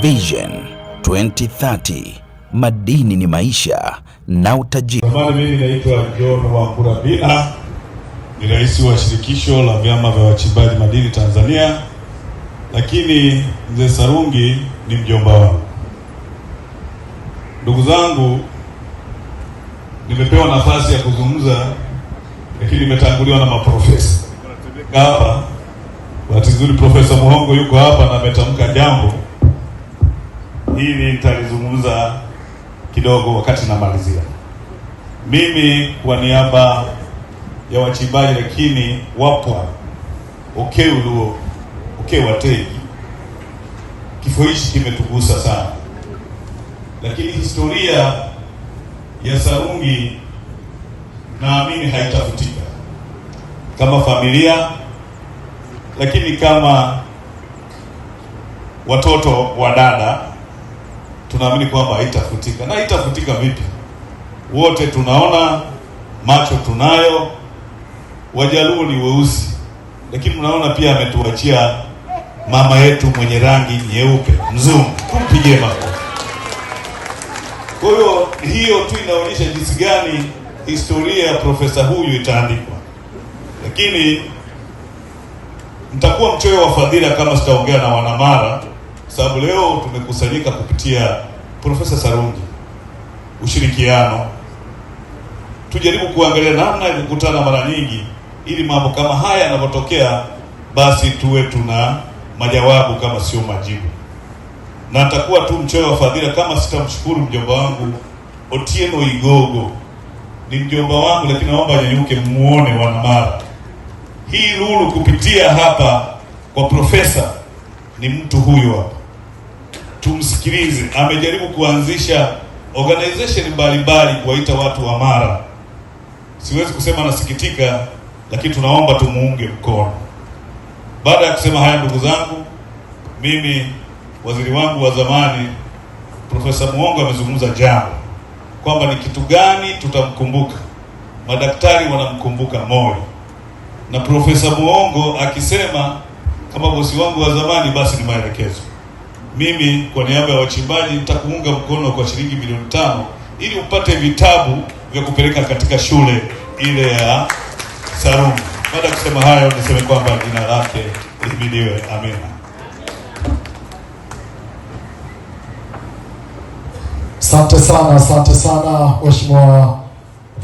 Vision 2030 madini ni maisha na utajiri. Zamani mimi naitwa John Wambura Bila, ni rais wa shirikisho la vyama vya wachimbaji madini Tanzania, lakini mzee Sarungi ni mjomba wangu. Ndugu zangu, nimepewa nafasi ya kuzungumza, lakini nimetanguliwa na maprofesa hapa. Bahati nzuri Profesa Muhongo yuko hapa na ametamka jambo hili nitalizungumza kidogo wakati namalizia. Mimi kwa niaba ya wachimbaji, lakini wapwa okay, wateji kifo hichi kimetugusa sana, lakini historia ya Sarungi naamini haitafutika kama familia, lakini kama watoto wa dada tunaamini kwamba haitafutika. Na haitafutika vipi? Wote tunaona, macho tunayo. Wajaluo ni weusi, lakini tunaona pia ametuachia mama yetu mwenye rangi nyeupe, mzungu, tumpigie makofi. Kwa hiyo hiyo tu inaonyesha jinsi gani historia ya profesa huyu itaandikwa, lakini mtakuwa mchoyo wa fadhila kama sitaongea na Wanamara sababu leo tumekusanyika kupitia Profesa Sarungi, ushirikiano, tujaribu kuangalia namna ya kukutana mara nyingi, ili mambo kama haya yanapotokea, basi tuwe tuna majawabu kama sio majibu, na atakuwa tu mchoyo wa fadhila kama sitamshukuru mjomba wangu Otieno Igogo. Ni mjomba wangu, lakini naomba anyanyuke muone wanamara hii lulu kupitia hapa kwa profesa ni mtu huyo hapa tumsikilize. Amejaribu kuanzisha organization mbalimbali kuwaita watu wa Mara. Siwezi kusema nasikitika, lakini tunaomba tumuunge mkono. Baada ya kusema haya, ndugu zangu, mimi waziri wangu wa zamani Profesa muongo amezungumza jambo kwamba ni kitu gani tutamkumbuka. Madaktari wanamkumbuka moyo, na Profesa muongo akisema kama bosi wangu wa zamani, basi ni maelekezo mimi kwa niaba ya wachimbaji nitakuunga mkono kwa shilingi milioni tano ili upate vitabu vya kupeleka katika shule ile ya Sarumu. Baada ya kusema hayo, niseme kwamba jina lake lihimidiwe. Amina. Asante sana, asante sana Mheshimiwa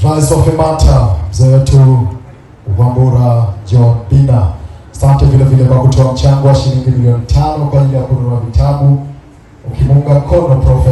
Rais wa FEMATA mzee wetu Uvambura asante vile vile kwa kutoa mchango wa shilingi milioni tano kwa ajili ya kununua vitabu ukimunga mkono